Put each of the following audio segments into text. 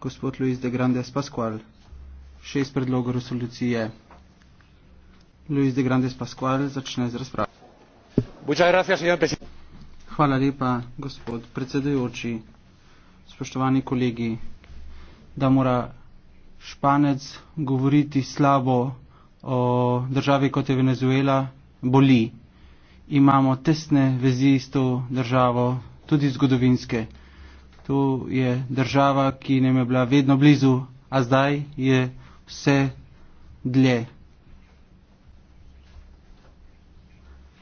gospod Luis de Grandes Pascual, šest predlogov resolucije. Luis de Grandes Pascual začne z razpravo. Hvala lepa, gospod predsedujoči, spoštovani kolegi, da mora španec govoriti slabo o državi kot je Venezuela, boli. Imamo tesne vezi s to državo, tudi zgodovinske. To je država, ki nam je bila vedno blizu, a zdaj je vse dlje.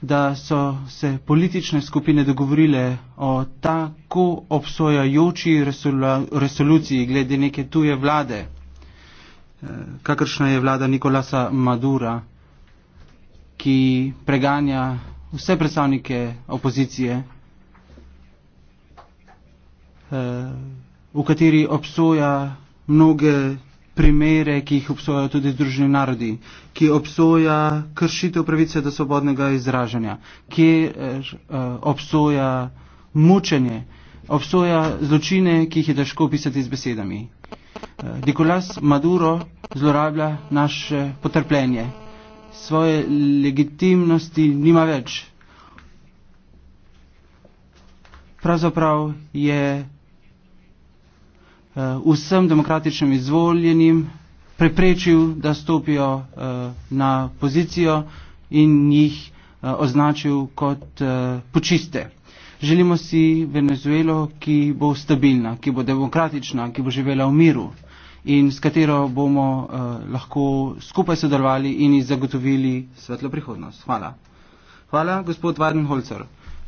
Da so se politične skupine dogovorile o tako obsojajoči resolu resoluciji glede neke tuje vlade, eh, kakršna je vlada Nikolasa Madura, ki preganja vse predstavnike opozicije Eh, v kateri obsoja mnoge primere, ki jih obsojajo tudi združeni narodi, ki obsoja kršitev pravice do svobodnega izražanja, ki eh, eh, obsoja mučenje, obsoja zločine, ki jih je težko opisati z besedami. Eh, Nikolas Maduro zlorablja naše potrpljenje, svoje legitimnosti nima več. Pravzaprav je Eh, vsem demokratičnim izvoljenim preprečil, da stopijo eh, na pozicijo in jih eh, označil kot počiste. Želimo si Venezuelo, ki bo stabilna, ki bo demokratična, ki bo živela v miru in s katero bomo lahko skupaj sodelovali in zagotovili svetlo prihodnost. Hvala. Hvala, gospod Vardenholzer.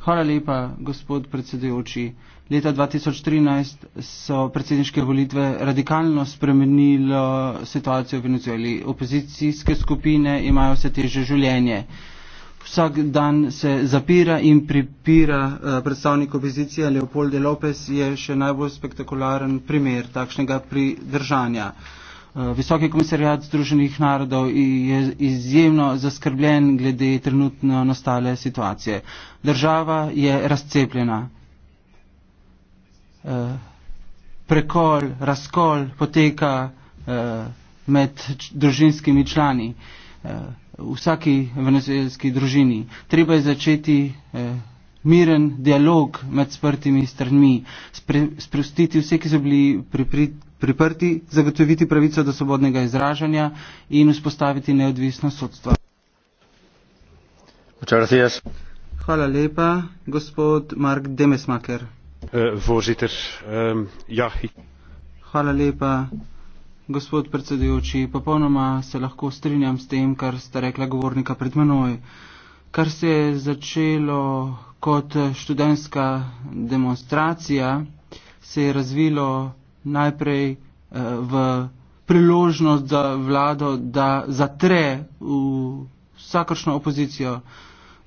Hvala lepa, gospod predsedujoči leta 2013 so predsedniške volitve radikalno spremenilo situacijo v Venezueli. Opozicijske skupine imajo vse teže življenje. Vsak dan se zapira in pripira eh, predstavnik opozicije Leopoldo López je še najbolj spektakularen primer takšnega pridržanja. Eh, Visoki komisarjat Združenih narodov je izjemno zaskrbljen glede trenutno nastale situacije. Država je razcepljena. Eh, prekol, razkol poteka eh, med družinskimi člani, eh, vsaki venezuelski družini. Treba je začeti miren dialog med sprtimi stranmi, sprostiti vse, ki so bili priprti, zagotoviti pravico do svobodnega izražanja in vzpostaviti neodvisno sodstvo. Hvala lepa, gospod Mark Demesmaker. Eh, voorzitter. Uh, ja, ik... Hvala lepa, gospod predsedujoči. Popolnoma se lahko strinjam s tem, kar sta rekla govornika pred menoj. Kar se je začelo kot študentska demonstracija, se je razvilo najprej eh, v priložnost za vlado, da zatre v vsakršno opozicijo.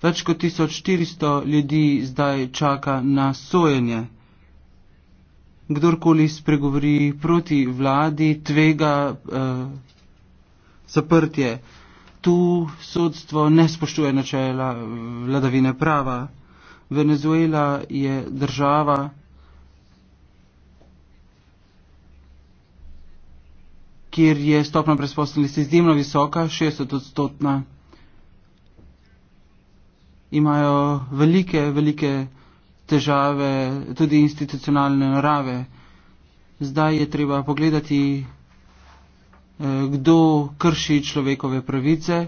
Več kot 1400 ljudi zdaj čaka na sojenje. Kdorkoli spregovori proti vladi, tvega eh, zaprtje. Tu sodstvo ne spoštuje načela eh, vladavine prava. Venezuela je država, kjer je stopna brezposelnosti izjemno visoka, 60 odstotna imajo velike, velike težave, tudi institucionalne narave. Zdaj je treba pogledati, eh, kdo krši človekove pravice.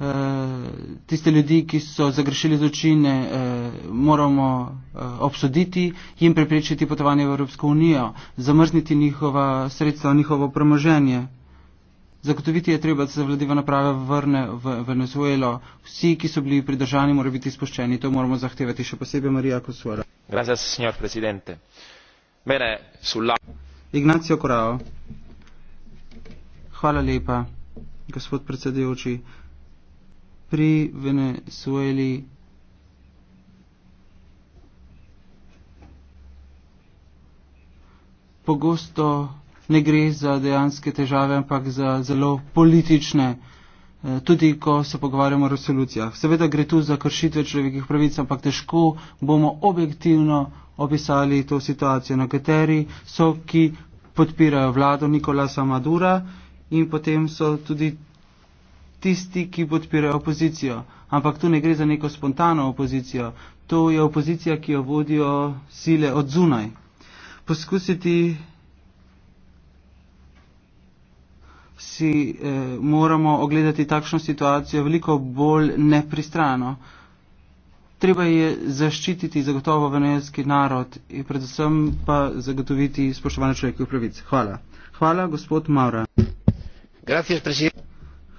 Eh, tiste ljudi, ki so zagrešili zločine, eh, moramo obsoditi, jim preprečiti potovanje v Evropsko unijo, zamrzniti njihova sredstva, njihovo premoženje. Zagotoviti je treba, da se vladiva naprave vrne v Venezuelo. Vsi, ki so bili pridržani, mora biti izpuščeni. To moramo zahtevati še posebej, Marija Kosuara. Gracias, señor presidente. Mene sulla. Ignacio Corao. Hvala lepa, gospod predsedujoči. Pri Venezueli pogosto ne gre za dejanske težave, ampak za zelo politične, eh, tudi ko se pogovarjamo o resolucijah. Seveda gre tu za kršitve človekovih pravic, ampak težko bomo objektivno opisali to situacijo, na kateri so, ki podpirajo vlado Nikolasa Madura in potem so tudi tisti, ki podpirajo opozicijo. Ampak tu ne gre za neko spontano opozicijo, to je opozicija, ki jo vodijo sile od zunaj. Poskusiti si eh, moramo ogledati takšno situacijo veliko bolj nepristrano. Treba je zaščititi zagotovo venezijski narod in predvsem pa zagotoviti spoštovanje človekovih pravic. Hvala. Hvala, gospod Maura.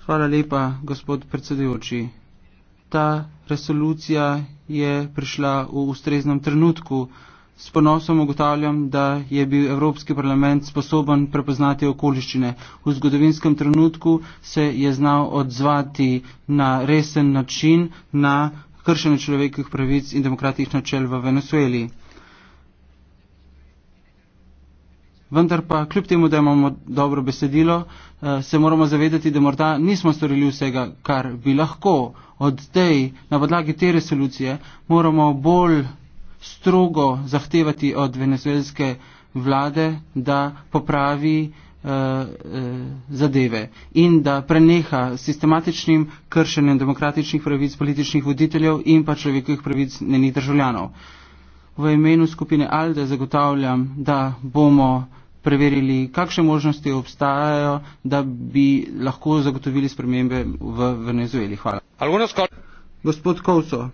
Hvala lepa, gospod predsedujoči. Ta resolucija je prišla v ustreznem trenutku. S ponosom ugotavljam, da je bil Evropski parlament sposoben prepoznati okoliščine. V zgodovinskem trenutku se je znal odzvati na resen način na kršene človekovih pravic in demokratičnih načel v Venezueli. Vendar pa, kljub temu, da imamo dobro besedilo, eh, se moramo zavedati, da morda nismo storili vsega, kar bi lahko. Od tej, na podlagi te resolucije, moramo bolj strogo zahtevati od venezuelske vlade, da popravi eh, eh, zadeve in da preneha sistematičnim kršenjem demokratičnih pravic političnih voditeljev in pa človekovih pravic njenih državljanov. V imenu skupine ALDE zagotavljam, da bomo preverili, kakšne možnosti obstajajo, da bi lahko zagotovili spremembe v Venezueli. Hvala. Gospod Kovso,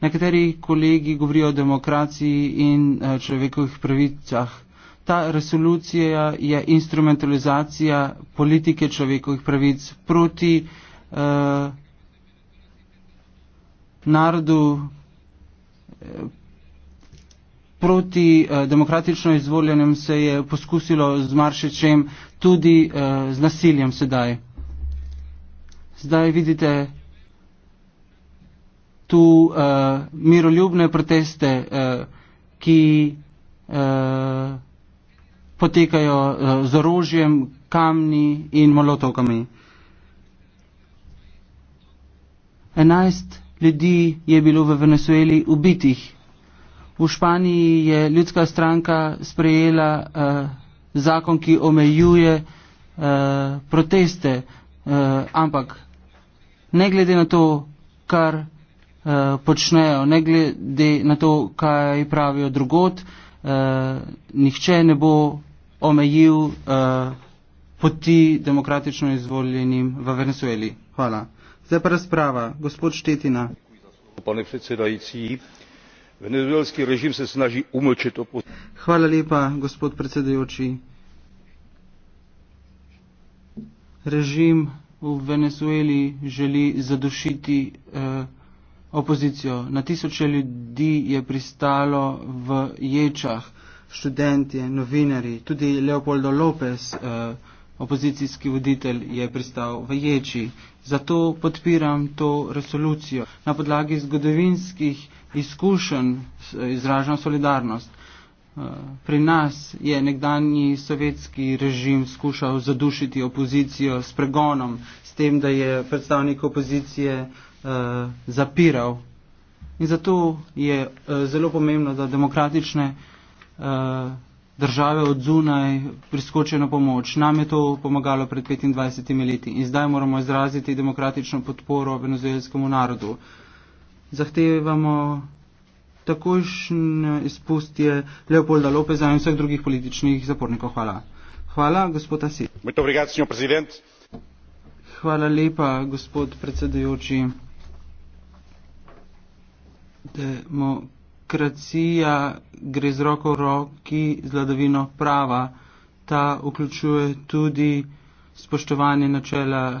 Nekateri kolegi govorijo o demokraciji in eh, človekovih pravicah. Ta resolucija je instrumentalizacija politike človekovih pravic proti eh, narodu, eh, proti eh, demokratično izvoljenem se je poskusilo z Maršičem tudi eh, z nasiljem sedaj. Zdaj vidite, tu uh, miroljubne proteste, uh, ki uh, potekajo uh, z orožjem, kamni in molotovkami. 11 ljudi je bilo v Venezueli ubitih. V Španiji je ljudska stranka sprejela uh, zakon, ki omejuje uh, proteste, uh, ampak ne glede na to, kar Eh, počnejo, ne glede na to, kaj pravijo drugot, eh, nihče ne bo omejil eh, poti demokratično izvoljenim v Venezueli. Hvala. Zdaj pa razprava. Gospod Štetina. Pane predsedajci, venezuelski režim se snaži umlčiti opozicijo. Hvala lepa, gospod predsedajoči. Režim v Venezueli želi zadušiti eh, opozicijo. Na tisoče ljudi je pristalo v ječah, študentje, novinari, tudi Leopoldo López, eh, opozicijski voditelj, je pristal v ječi. Zato podpiram to resolucijo. Na podlagi zgodovinskih izkušenj eh, izražam solidarnost. Eh, pri nas je nekdanji sovjetski režim skušal zadušiti opozicijo s pregonom, s tem, da je predstavnik opozicije eh, uh, zapiral. In zato je uh, zelo pomembno, da demokratične uh, države od zunaj priskočijo na pomoč. Nam je to pomagalo pred 25 leti in zdaj moramo izraziti demokratično podporo venezuelskemu narodu. Zahtevamo takošnje izpustje Leopolda Lopeza in vseh drugih političnih zapornikov. Hvala. Hvala, gospod Asi. Hvala lepa, gospod predsedujoči. Demokracija gre z roko v roki z vladavino prava. Ta vključuje tudi spoštovanje načela eh,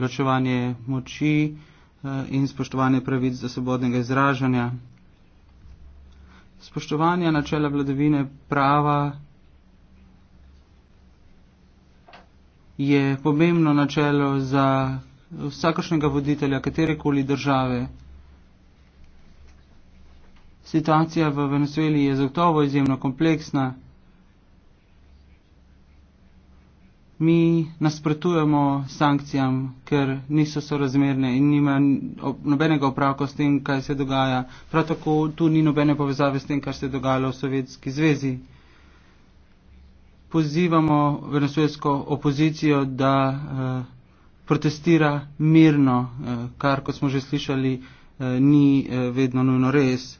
ločevanje moči eh, in spoštovanje pravic za svobodnega izražanja. Spoštovanje načela vladavine prava je pomembno načelo za vsakošnjega voditelja katerekoli države. Situacija v Venezueli je zagotovo izjemno kompleksna. Mi nasprotujemo sankcijam, ker niso sorazmerne in nima nobenega opravka s tem, kaj se dogaja. Prav tako tu ni nobene povezave s tem, kar se je dogajalo v Sovjetski zvezi. Pozivamo venezuelsko opozicijo, da eh, protestira mirno, eh, kar, kot smo že slišali, eh, ni vedno nujno res.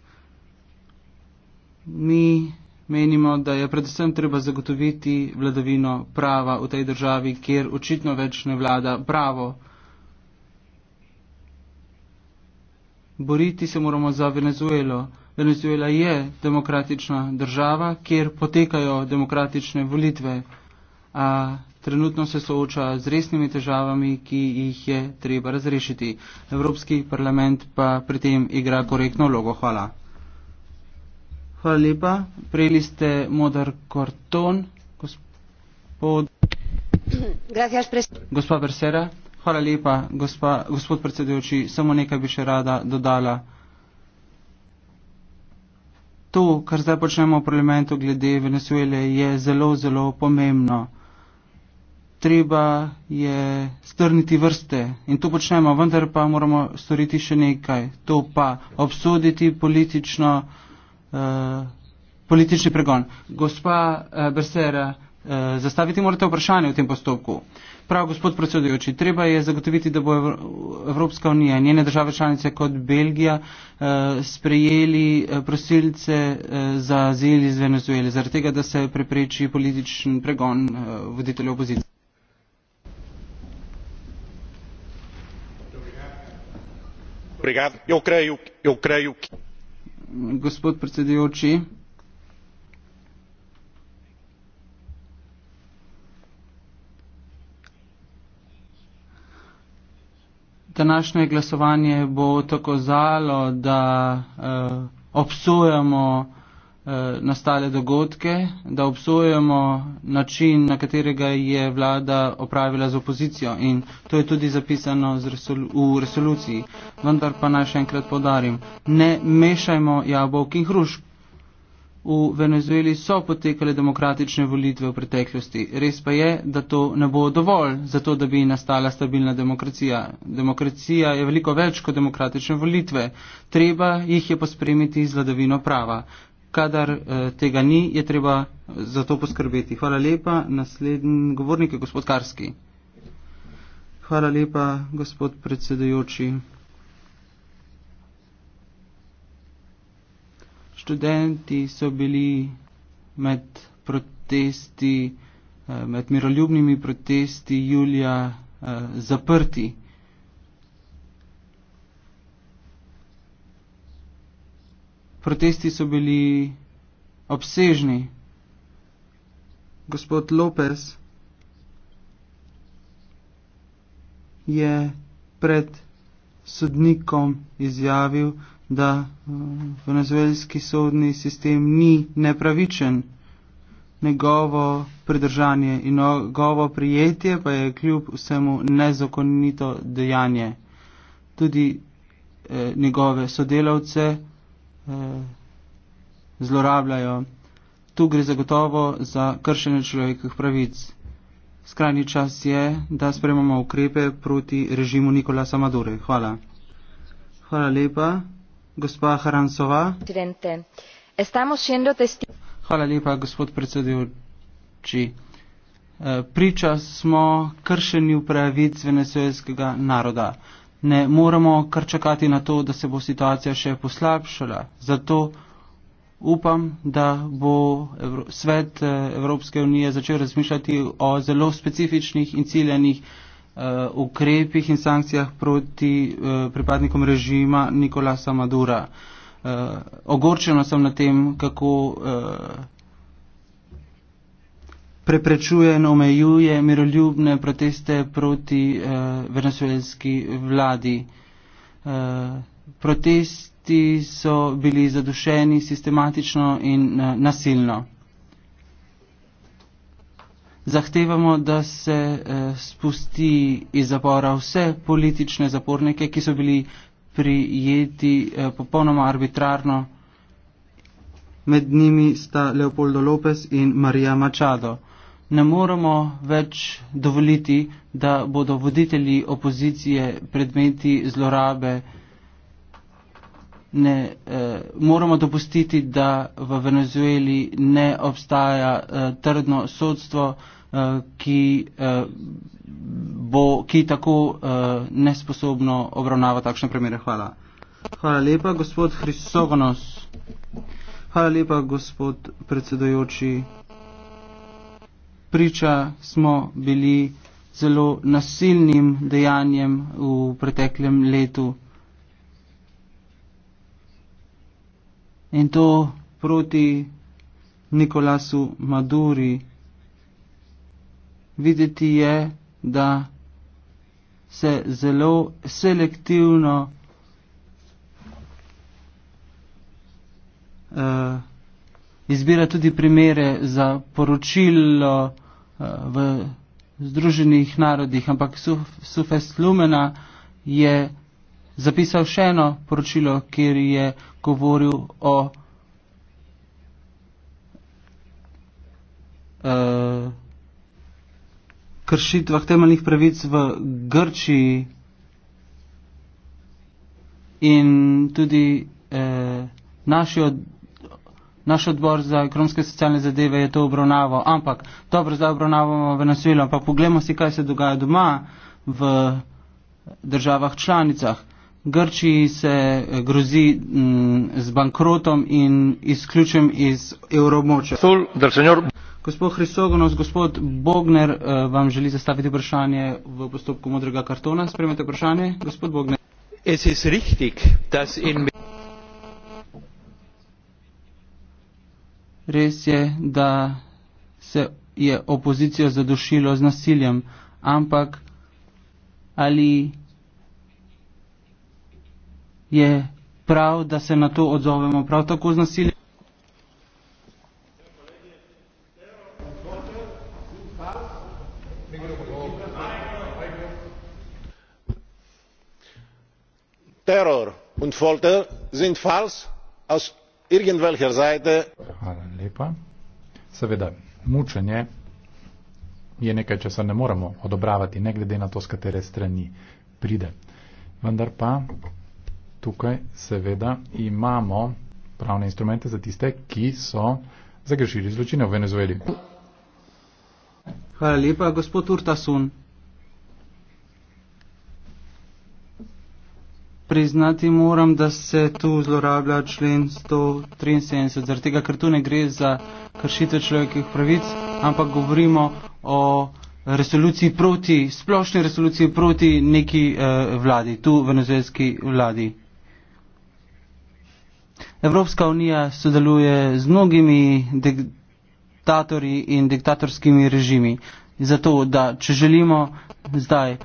Mi menimo, da je predvsem treba zagotoviti vladavino prava v tej državi, kjer očitno več ne vlada pravo. Boriti se moramo za Venezuelo. Venezuela je demokratična država, kjer potekajo demokratične volitve, a trenutno se sooča z resnimi težavami, ki jih je treba razrešiti. Evropski parlament pa pri tem igra korektno vlogo. Hvala. Hvala lepa. Prejeli ste modar korton. Gospod... Gracias, gospa Bersera. Hvala lepa, gospa, gospod predsedujoči. Samo nekaj bi še rada dodala. To, kar zdaj počnemo v parlamentu glede Venezuele, je zelo, zelo pomembno. Treba je strniti vrste in to počnemo, vendar pa moramo storiti še nekaj. To pa obsoditi politično. Eh, politični pregon. Gospa uh, eh, Bersera, uh, eh, zastaviti morate vprašanje v tem postopku. Prav, gospod predsedujoči, treba je zagotoviti, da bo Evropska unija in njene države članice kot Belgija sprejeli prosilce za azil iz Venezuele, zaradi tega, da se prepreči političen pregon voditelja opozicije. Obrigado. Eu creio, eu creio que gospod predsedujoči. Današnje glasovanje bo tako zalo, da eh, obsojamo Eh, nastale dogodke, da obsojamo način, na katerega je vlada opravila z opozicijo in to je tudi zapisano resolu v resoluciji. Vendar pa naj še enkrat podarim, ne mešajmo jabolk in hrušk. V Venezueli so potekale demokratične volitve v preteklosti. Res pa je, da to ne bo dovolj za to, da bi nastala stabilna demokracija. Demokracija je veliko več kot demokratične volitve. Treba jih je pospremiti z vladavino prava kadar uh, tega ni, je treba za to poskrbeti. Hvala lepa. Naslednji govornik je gospod Karski. Hvala lepa, gospod predsedujoči. Študenti so bili med protesti, eh, med miroljubnimi protesti julija eh, zaprti. Protesti so bili obsežni. Gospod Lopez je pred sodnikom izjavil, da eh, venezuelski sodni sistem ni nepravičen. Njegovo pridržanje in njegovo prijetje pa je kljub vsemu nezakonito dejanje. Tudi eh, njegove sodelavce eh, zlorabljajo. Tu gre zagotovo za kršenje človekovih pravic. Skrajni čas je, da sprememo ukrepe proti režimu Nikola Samadure. Hvala. Hvala lepa, gospa Haransova. Hvala lepa, gospod predsedujoči. Eh, priča smo kršenju pravic venezuelskega naroda ne moremo kar čakati na to, da se bo situacija še poslabšala. Zato upam, da bo svet eh, Evropske unije začel razmišljati o zelo specifičnih in ciljenih eh, ukrepih in sankcijah proti eh, pripadnikom režima Nikolasa Madura. Ogorčeno sem na tem, kako preprečuje in omejuje miroljubne proteste proti eh, venezuelski vladi. Eh, protesti so bili zadušeni sistematično in eh, nasilno. Zahtevamo, da se eh, spusti iz zapora vse politične zapornike, ki so bili prijeti eh, popolnoma arbitrarno. Med njimi sta Leopoldo Lopez in Marija Machado ne moremo več dovoliti, da bodo voditelji opozicije predmeti zlorabe. Ne, eh, moramo dopustiti, da v Venezueli ne obstaja eh, trdno sodstvo, eh, ki, eh, bo, ki tako eh, nesposobno obravnava takšne primere. Hvala. Hvala lepa, gospod Hrisovonos. Hvala lepa, gospod predsedojoči priča smo bili zelo nasilnim dejanjem v preteklem letu. In to proti Nikolasu Maduri. Videti je, da se zelo selektivno uh, izbira tudi primere za poročilo, v Združenih narodih, ampak Sufest Lumena je zapisal še eno poročilo, kjer je govoril o uh, kršitvah temeljnih pravic v Grčiji in tudi uh, naši odločitvi naš odbor za ekonomske in socialne zadeve je to obravnaval, ampak dobro, zdaj obravnavamo Venezuelo, pa poglejmo si, kaj se dogaja doma v državah članicah. Grčiji se eh, grozi m, mm, z bankrotom in izključujem iz evromoča. Gospod Hrisogonos, gospod Bogner eh, vam želi zastaviti vprašanje v postopku modrega kartona. Spremete vprašanje, gospod Bogner. Es ist richtig, dass in... Okay. res je, da se je opozicijo zadušilo z nasiljem, ampak ali je prav, da se na to odzovemo prav tako z nasiljem? Teror und Folter sind falsch aus irgendwelcher Seite. Hvala lepa. Seveda, mučenje je nekaj, če se ne moremo odobravati, ne glede na to, z katere strani pride. Vendar pa tukaj seveda imamo pravne instrumente za tiste, ki so zagrešili zločine v Venezueli. Hvala lepa, gospod Urtasun. priznati moram, da se tu zlorablja člen 173, zaradi tega, ker tu ne gre za kršitev človekovih pravic, ampak govorimo o resoluciji proti, splošni resoluciji proti neki eh, vladi, tu venezuelski vladi. Evropska unija sodeluje z mnogimi diktatorji in diktatorskimi režimi, zato da če želimo zdaj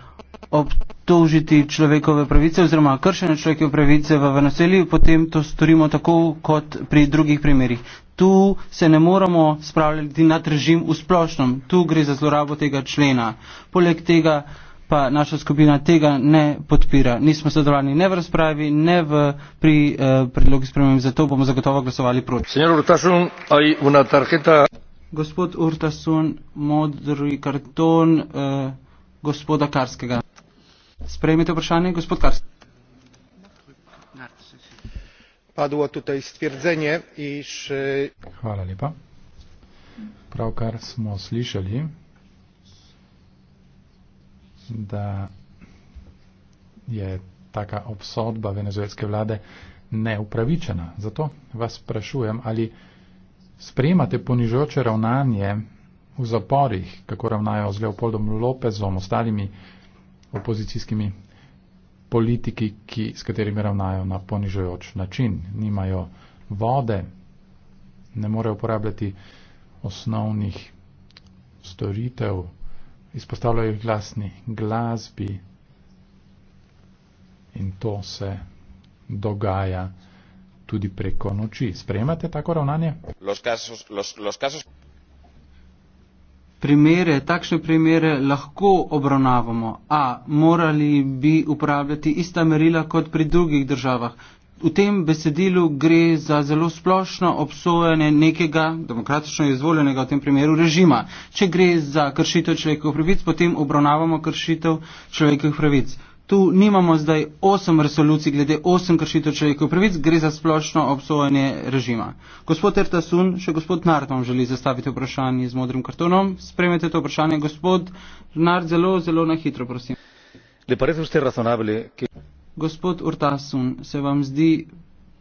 obtožiti človekove pravice oziroma kršene človekove pravice v Venezueli, potem to storimo tako kot pri drugih primerih. Tu se ne moramo spravljati nad režim v splošnem, tu gre za zlorabo tega člena. Poleg tega pa naša skupina tega ne podpira. Nismo sodelovali ne v razpravi, ne v pri eh, predlogi spremem, zato bomo zagotovo glasovali proti. Gospod Urtasun, modri karton eh, gospoda Karskega. Sprejmite vprašanie, gospod Karst. Padło tutaj stwierdzenie, iż... Chwala e, lipa. Prawkar smo słyszeli, da je taka obsodba wenezuelskiej władze neupravičena. Zato vas sprašujem, ali sprejmate ponižoče ravnanje v zaporih, kako ravnajo z Leopoldom Lopezom, ostalimi opozicijskimi politiki, ki, s katerimi ravnajo na ponižujoč način. Nimajo vode, ne morejo uporabljati osnovnih storitev, izpostavljajo jih glasni glasbi in to se dogaja tudi preko noči. Sprejemate tako ravnanje? Los casos, los, los casos primere, takšne primere lahko obravnavamo? A, morali bi uporabljati ista merila kot pri drugih državah? V tem besedilu gre za zelo splošno obsojanje nekega demokratično izvoljenega v tem primeru režima. Če gre za kršitev človekovih pravic, potem obravnavamo kršitev človekovih pravic. Tu nimamo zdaj osem resolucij glede osem kršitev človekovih pravic, gre za splošno obsojanje režima. Gospod Ertasun, še gospod Nard vam želi zastaviti vprašanje z modrim kartonom. Spremete to vprašanje, gospod Nard, zelo, zelo na hitro, prosim. Lepo, res boste razonabili. Ki... Gospod Urtasun, se vam zdi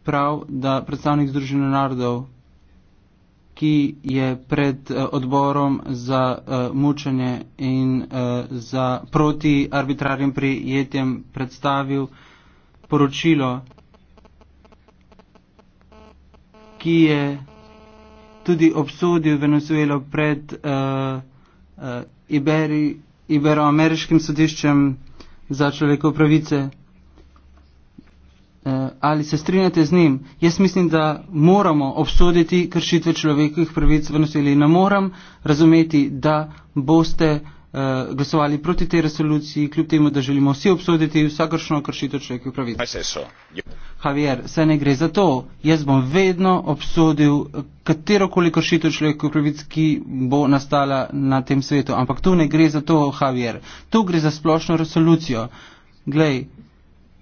prav, da predstavnik Združenih narodov ki je pred eh, odborom za uh, mučenje in uh, za proti arbitrarnim prijetjem predstavil poročilo, ki je tudi obsodil Venezuelo pred uh, uh, Iberi, Iberoameriškim sodiščem za človekov pravice. Eh, ali se strinjate z njim? Jaz mislim, da moramo obsoditi kršitve človekovih pravic v nasilju. Ne moram razumeti, da boste uh, glasovali proti tej resoluciji, kljub temu, da želimo vsi obsoditi vsakršno kršitev človekovih pravic. Javier, se ne gre za to. Jaz bom vedno obsodil katerokoli kršitev človekovih pravic, ki bo nastala na tem svetu. Ampak tu ne gre za to, Javier. Tu gre za splošno resolucijo. Glej,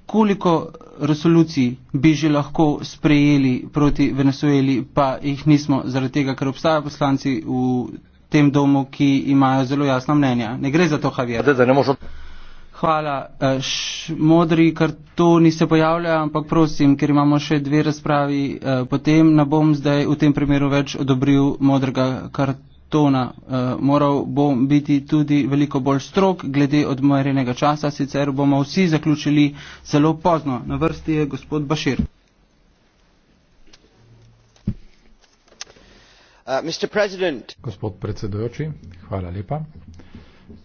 koliko resolucij bi že lahko sprejeli proti Venezueli, pa jih nismo, zaradi tega, ker obstajajo poslanci v tem domu, ki imajo zelo jasna mnenja. Ne gre za to, Javier. Hvala. Eh, š, modri kartoni se pojavljajo, ampak prosim, ker imamo še dve razpravi, eh, potem ne bom zdaj v tem primeru več odobril modrega kartona tona. E, moral bo biti tudi veliko bolj strok glede odmerjenega časa, sicer bomo vsi zaključili zelo pozno. Na vrsti je gospod Bašir. Uh, gospod predsedujoči, hvala lepa.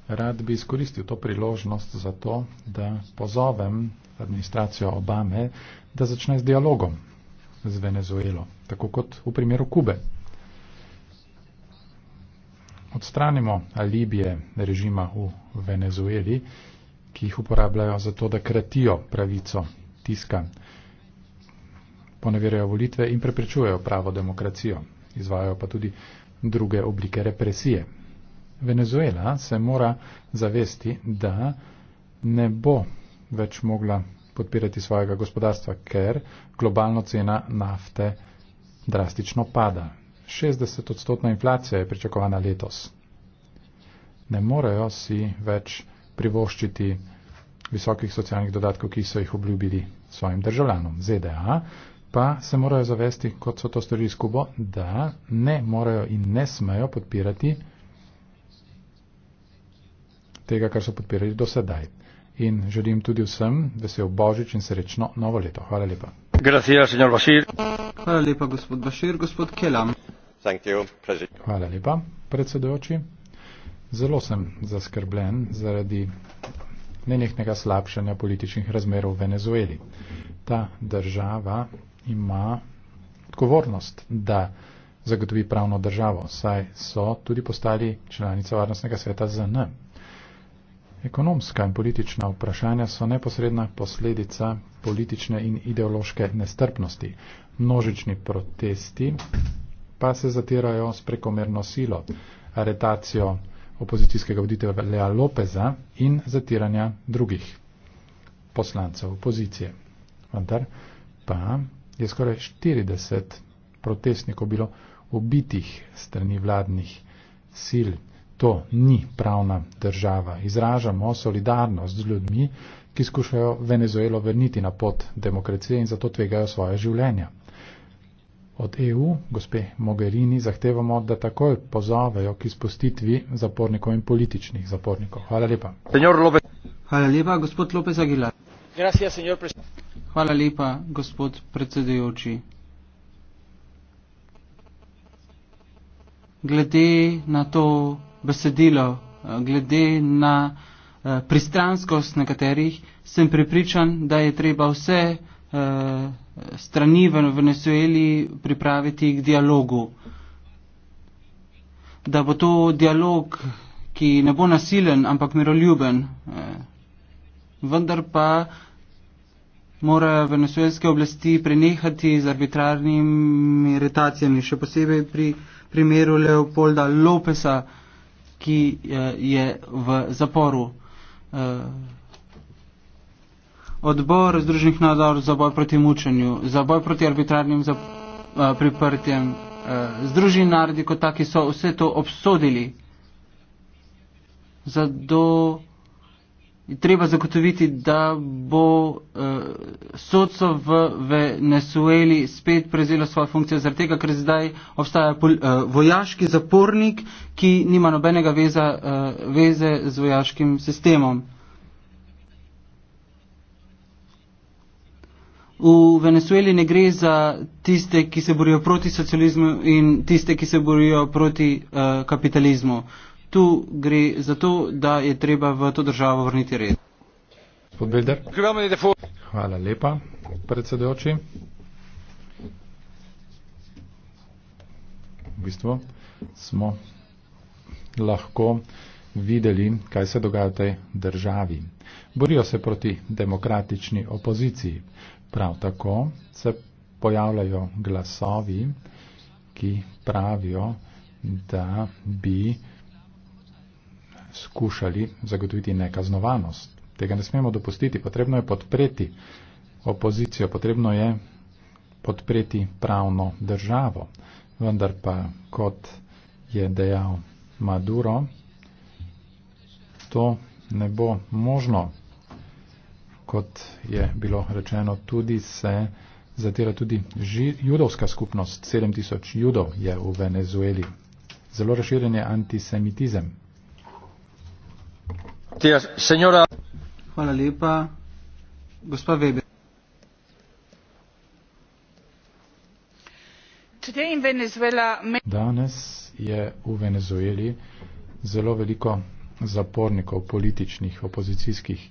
Rad bi izkoristil to priložnost za to, da pozovem administracijo Obame, da začne z dialogom z Venezuelo, tako kot v primeru Kube odstranimo alibije režima v Venezueli, ki jih uporabljajo za to, da kratijo pravico tiska, poneverjajo volitve in preprečujejo pravo demokracijo, izvajo pa tudi druge oblike represije. Venezuela se mora zavesti, da ne bo več mogla podpirati svojega gospodarstva, ker globalno cena nafte drastično pada. 60 odstotna inflacija je pričakovana letos. Ne morejo si več privoščiti visokih socialnih dodatkov, ki so jih obljubili svojim državljanom. ZDA pa se morajo zavesti, kot so to storili s Kubo, da ne morejo in ne smejo podpirati tega, kar so podpirali do sedaj. In želim tudi vsem vesel božič in srečno novo leto. Hvala lepa. Gracias, Hvala lepa, gospod Bašir, gospod Kelam. Hvala lepa, predsedujoči. Zelo sem zaskrbljen zaradi nenehnega slabšanja političnih razmer v Venezueli. Ta država ima odgovornost, da zagotovi pravno državo, saj so tudi postali članica Varnostnega sveta ZN. Ekonomska in politična vprašanja so neposredna posledica politične in ideološke nestrpnosti. Množični protesti pa se zatirajo s prekomerno silo, aretacijo opozicijskega voditelja Lopeza in zatiranja drugih poslancev opozicije. Vendar pa je skoraj 40 protestnikov bilo ubitih strani vladnih sil. To ni pravna država. Izražamo solidarnost z ljudmi, ki skušajo Venezuelo vrniti na pot demokracije in zato tvegajo svoje življenja. Od EU, gospe Mogherini, zahtevamo, da takoj pozovejo k izpustitvi zapornikov in političnih zapornikov. Hvala lepa. Hvala lepa, gospod Lopez Aguilar. Gracias, Hvala lepa, gospod predsedujoči. Glede na to besedilo, glede na eh, pristranskost nekaterih, sem prepričan, da je treba vse. Uh, strani v Venezueli pripraviti k dialogu. Da bo to dialog, ki ne bo nasilen, ampak miroljuben. Eh, vendar pa morajo venezuelske oblasti prenehati z arbitrarnimi retacijami, še posebej pri primeru Leopolda Lopesa, ki eh, je v zaporu. Eh, odbor Združenih narodov za boj proti mučenju, za boj proti arbitrarnim zap, a, eh, priprtjem, a, eh, Združeni narodi kot taki so vse to obsodili. Zato je treba zagotoviti, da bo uh, sodstvo v Venezueli spet prevzelo svojo funkcijo, zaradi tega, ker zdaj obstaja pol, uh, vojaški zapornik, ki nima nobenega veza, uh, veze z vojaškim sistemom. V Venezueli ne gre za tiste, ki se borijo proti socializmu in tiste, ki se borijo proti uh, kapitalizmu. Tu gre za to, da je treba v to državo vrniti red. Hvala lepa, predsedujoči. V bistvu smo lahko videli, kaj se dogaja v tej državi. Borijo se proti demokratični opoziciji. Prav tako se pojavljajo glasovi, ki pravijo, da bi skušali zagotoviti nekaznovanost. Tega ne smemo dopustiti, potrebno je podpreti opozicijo, potrebno je podpreti pravno državo. Vendar pa, kot je dejal Maduro, to ne bo možno kot je bilo rečeno, tudi se zatira tudi ži, judovska skupnost, 7000 judov je v Venezueli. Zelo razširjen je antisemitizem. Hvala lepa. Gospa Weber. Danes je v Venezueli zelo veliko zapornikov, političnih, opozicijskih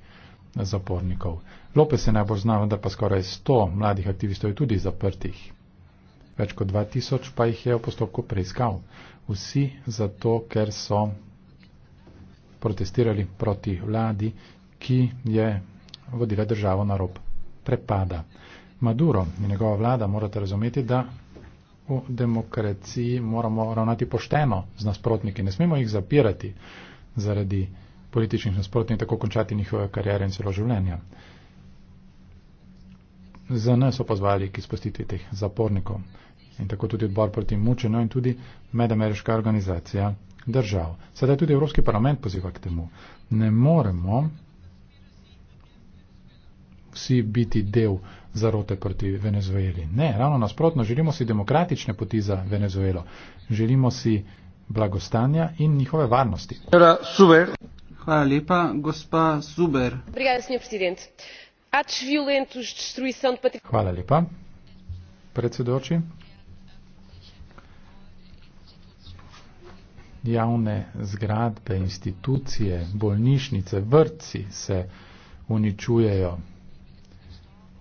zapornikov. Lopes je najbolj znano, da pa skoraj 100 mladih aktivistov je tudi zaprtih. Več kot 2000 pa jih je v postopku preiskav. Vsi zato, ker so protestirali proti vladi, ki je vodila državo na rob prepada. Maduro in njegova vlada morate razumeti, da v demokraciji moramo ravnati pošteno z nasprotniki. Ne smemo jih zapirati zaradi političnih nasprotnih tako končati njihove karijere in celo življenja. Za nas so pozvali k izpostitvi teh zapornikov in tako tudi odbor proti mučenju in tudi medameriška organizacija držav. Sedaj tudi Evropski parlament poziva k temu. Ne moremo vsi biti del zarote proti Venezueli. Ne, ravno nasprotno, želimo si demokratične poti za Venezuelo. Želimo si blagostanja in njihove varnosti. Obrigada, Sr. Presidente. Atos violentos de destruição de patrimônio. Hvala lepa. Predsedujoči. Javne zgradbe, institucije, bolnišnice, vrtci se uničujejo.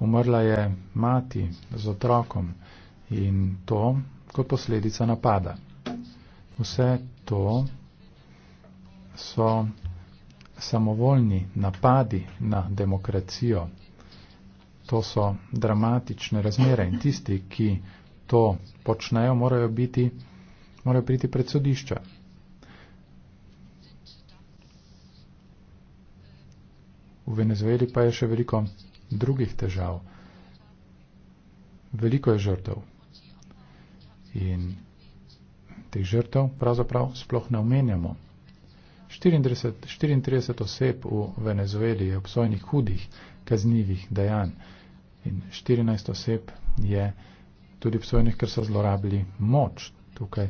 Umrla je mati z otrokom in to kot posledica napada. Vse to so samovoljni napadi na demokracijo. To so dramatične razmere in tisti, ki to počnejo, morajo biti morajo priti pred sodišča. V Venezueli pa je še veliko drugih težav. Veliko je žrtev. In teh žrtev pravzaprav sploh ne omenjamo. 34, 34 oseb v Venezueli je obsojenih hudih kaznjivih dejanj in 14 oseb je tudi obsojenih, ker so zlorabili moč. Tukaj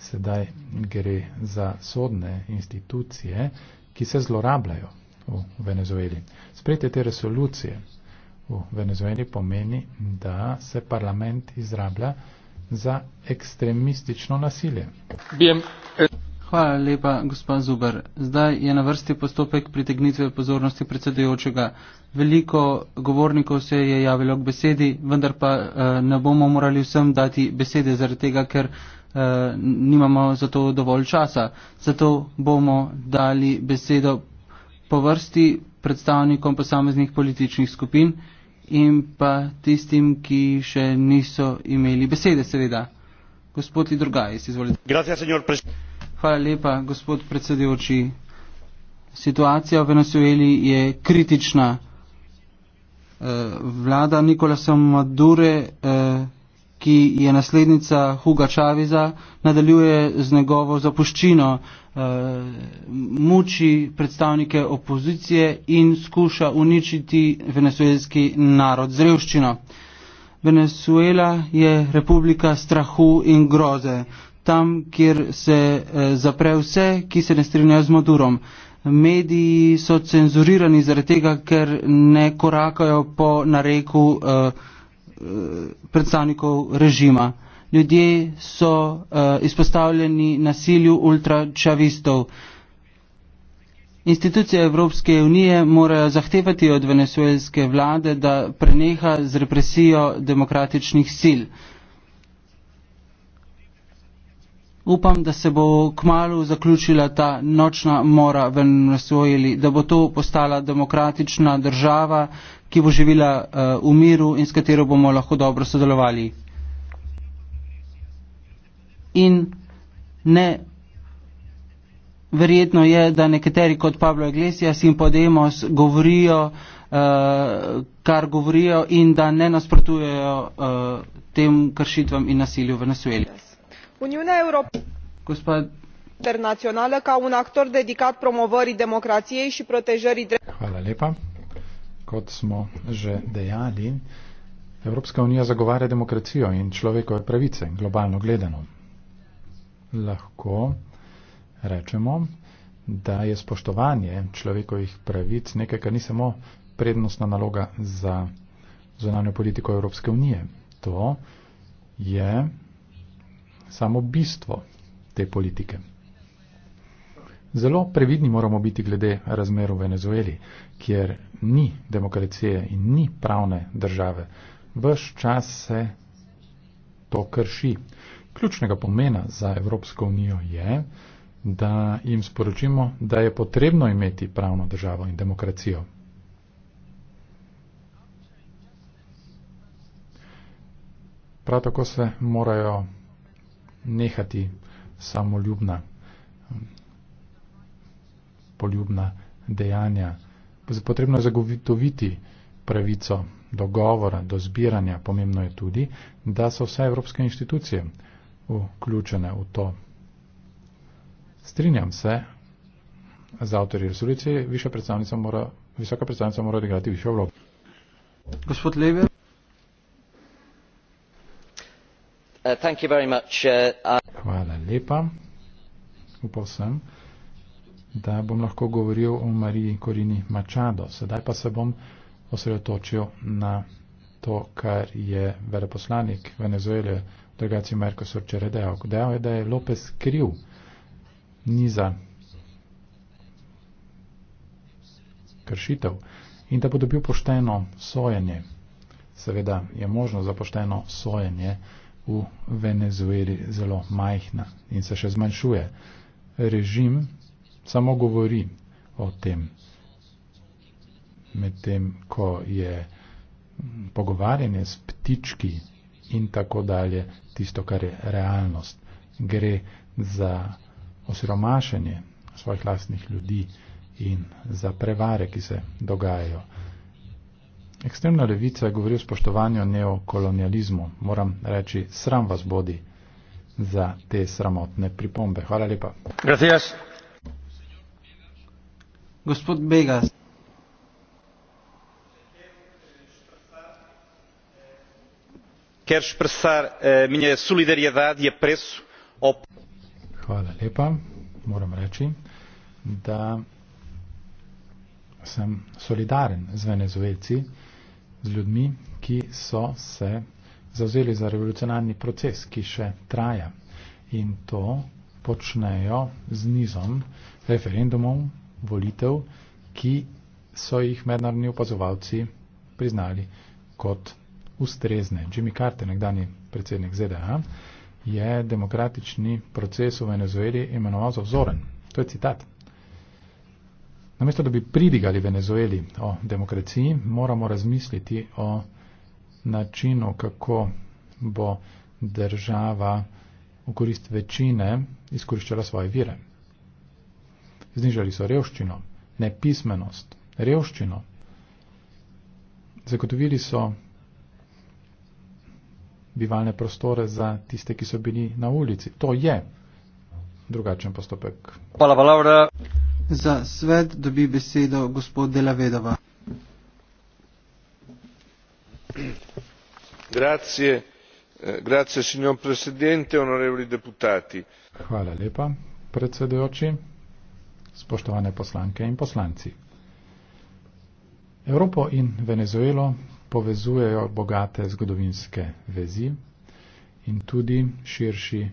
sedaj gre za sodne institucije, ki se zlorabljajo v Venezueli. Sprejte te resolucije v Venezueli pomeni, da se parlament izrablja za ekstremistično nasilje. Bien. Eh, Hvala lepa, gospod Zuber. Zdaj je na vrsti postopek pritegnitve pozornosti predsedujočega. Veliko govornikov se je javilo k besedi, vendar pa eh, ne bomo morali vsem dati besede, zaradi tega, ker eh, nimamo za to dovolj časa. Zato bomo dali besedo po vrsti predstavnikom posameznih političnih skupin in pa tistim, ki še niso imeli besede, seveda. Gospod Idrugajs, izvolite. Gracias, Hvala lepa, gospod predsedujoči. Situacija v Venezueli je kritična. Eh, vlada Nikolasa Madure, eh, ki je naslednica Huga Čaviza, nadaljuje z njegovo zapuščino, eh, muči predstavnike opozicije in skuša uničiti venezuelski narod z revščino. Venezuela je republika strahu in groze tam, kjer se eh, zapre vse, ki se ne strinjajo z Madurom. Mediji so cenzurirani zaradi tega, ker ne korakajo po nareku eh, eh, predstavnikov režima. Ljudje so izpostavljeni nasilju ultračavistov. Institucije Evropske unije morajo zahtevati od venezuelske vlade, da preneha z represijo demokratičnih sil. upam, da se bo kmalo zaključila ta nočna mora v Venezueli, da bo to postala demokratična država, ki bo živela uh, eh, v miru in s katero bomo lahko dobro sodelovali. In ne, verjetno je, da nekateri kot Pablo Iglesias in Podemos govorijo, uh, kar govorijo in da ne nasprotujejo uh, tem kršitvam in nasilju v Venezueli uniunea europeană internațională ca un actor dedicat promovării democrației și protejării drepturilor. Evropska unija zagovarja demokracijo in človekove pravice, globalno gledano. Lahko rečemo, da je spoštovanje človekovih pravic nekaj, kar ni samo prednostna naloga za zonanjo politiko Evropske unije. To je samo bistvo te politike. Zelo previdni moramo biti glede razmer v Venezueli, kjer ni demokracije in ni pravne države. Vš čas se to krši. Ključnega pomena za Evropsko unijo je, da jim sporočimo, da je potrebno imeti pravno državo in demokracijo. Prav tako se morajo nehati samoljubna, um, poljubna dejanja. Potrebno je zagotoviti pravico do govora, do zbiranja. Pomembno je tudi, da so vse evropske inštitucije vključene v to. Strinjam se z avtorji resolucije, mora, visoka predstavnica mora odigrati višjo vlogo. Gospod Lever. Uh, uh, uh, Hvala lepa. Upal sem, da bom lahko govoril o Mariji Korini Mačado. Sedaj pa se bom osredotočil na to, kar je veleposlanik Venezuele delegacije Marko Sorčere dejal. Dejal je, da je Lopez kriv niza kršitev in da bo dobil pošteno sojenje. Seveda je možno za pošteno sojenje v Venezueli zelo majhna in se še zmanjšuje. Režim samo govori o tem. Medtem, ko je pogovarjanje s ptički in tako dalje tisto, kar je realnost. Gre za osiromašenje svojih lastnih ljudi in za prevare, ki se dogajajo. Ekstremna levica je govoril o spoštovanju neokolonializmu. Moram reči, sram vas bodi za te sramotne pripombe. Hvala lepa. Gracias. Gospod Begas. Quero expressar a eh, minha solidariedade e apreço ao... Hvala lepa. Moram reči, da sem solidaren z venezuelci, z ljudmi, ki so se zavzeli za revolucionarni proces, ki še traja. In to počnejo z nizom referendumov, volitev, ki so jih mednarodni opazovalci priznali kot ustrezne. Jimmy Carter, nekdani predsednik ZDA, je demokratični proces v Venezueli imenoval za vzoren. To je citat. Namesto, da bi pridigali Venezueli o demokraciji, moramo razmisliti o načinu, kako bo država v korist večine izkoriščala svoje vire. Znižali so revščino, nepismenost, revščino. Zagotovili so bivalne prostore za tiste, ki so bili na ulici. To je drugačen postopek. Hvala, Valavra. Za svet dobi besedo gospod Delavedova. Grazie, eh, grazie signor presidente, onorevoli deputati. Hvala lepa, predsedujoči, spoštovane poslanke in poslanci. Evropo in Venezuelo povezujejo bogate zgodovinske vezi in tudi širši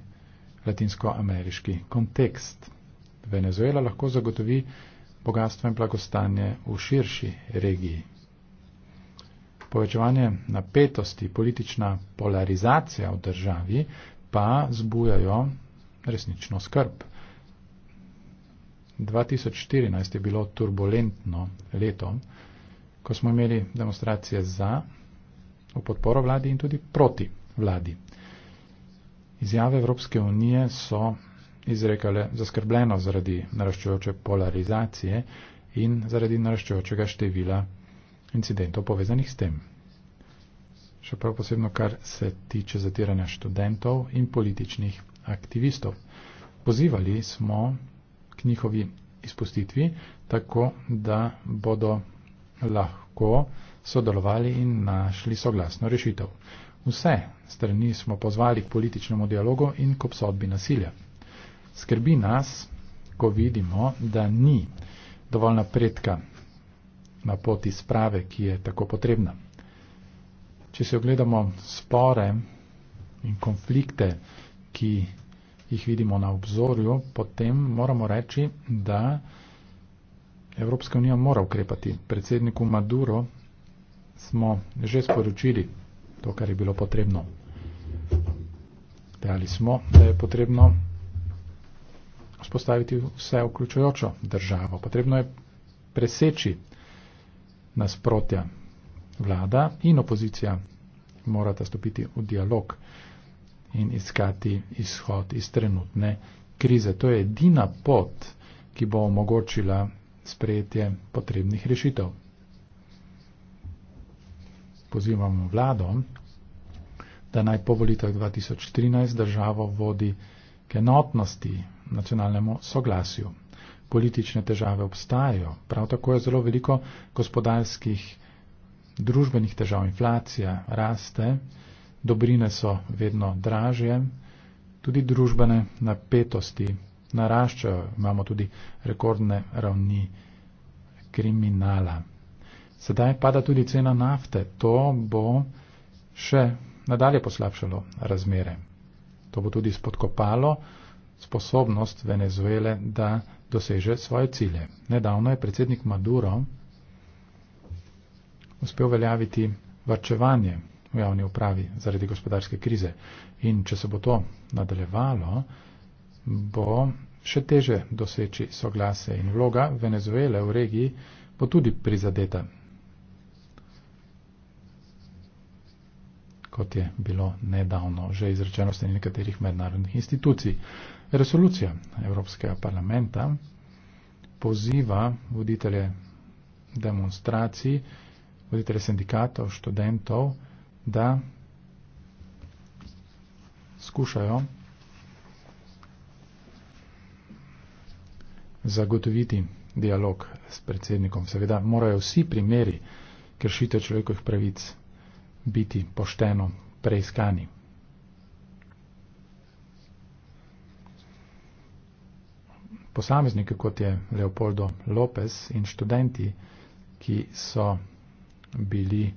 latinskoameriški kontekst. Venezuela lahko zagotovi bogatstvo in blagostanje v širši regiji. Povečevanje napetosti, politična polarizacija v državi pa zbujajo resnično skrb. 2014 je bilo turbulentno leto, ko smo imeli demonstracije za, v podporo vladi in tudi proti vladi. Izjave Evropske unije so izrekale zaskrbljeno zaradi naraščujoče polarizacije in zaradi naraščujočega števila incidentov povezanih s tem. Še prav posebno, kar se tiče zatiranja študentov in političnih aktivistov. Pozivali smo k njihovi izpustitvi tako, da bodo lahko sodelovali in našli soglasno rešitev. Vse strani smo pozvali k političnemu dialogu in k obsodbi nasilja. Skrbi nas, ko vidimo, da ni dovolj napredka na poti sprave, ki je tako potrebna. Če se ogledamo spore in konflikte, ki jih vidimo na obzorju, potem moramo reči, da Evropska unija mora ukrepati. Predsedniku Maduro smo že sporočili to, kar je bilo potrebno. Dejali smo, da je potrebno vzpostaviti vse vključujočo državo. Potrebno je preseči nasprotja. Vlada in opozicija morata stopiti v dialog in iskati izhod iz trenutne krize. To je edina pot, ki bo omogočila sprejetje potrebnih rešitev. Pozivamo vlado, da naj po volitev 2013 državo vodi k enotnosti nacionalnemu soglasju. Politične težave obstajajo, prav tako je zelo veliko gospodarskih, družbenih težav, inflacija raste, dobrine so vedno dražje, tudi družbene napetosti naraščajo, imamo tudi rekordne ravni kriminala. Sedaj pada tudi cena nafte, to bo še nadalje poslabšalo razmere. To bo tudi spodkopalo sposobnost Venezuele, da doseže svoje cilje. Nedavno je predsednik Maduro uspel veljaviti varčevanje v javni upravi zaradi gospodarske krize. In če se bo to nadaljevalo, bo še teže doseči soglase in vloga Venezuele v regiji bo tudi prizadeta. Kot je bilo nedavno že izrečeno s nekaterih mednarodnih institucij. Resolucija Evropskega parlamenta poziva voditelje demonstracij, voditelje sindikatov, študentov, da skušajo zagotoviti dialog s predsednikom. Seveda morajo vsi primeri kršitev človekovih pravic biti pošteno preiskani. posamezniki, kot je Leopoldo López in študenti, ki so bili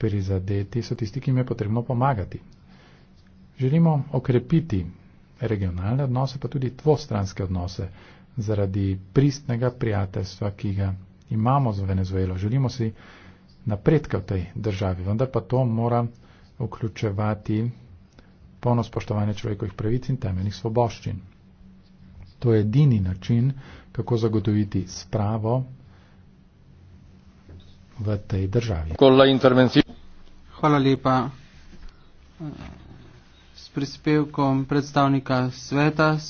prizadeti, so tisti, ki jim je potrebno pomagati. Želimo okrepiti regionalne odnose, pa tudi dvostranske odnose zaradi pristnega prijateljstva, ki ga imamo z Venezuelo. Želimo si napredka v tej državi, vendar pa to mora vključevati polno spoštovanje človekovih pravic in temeljnih svoboščin. To je edini način, kako zagotoviti spravo v tej državi. Hvala lepa. S prispevkom predstavnika sveta.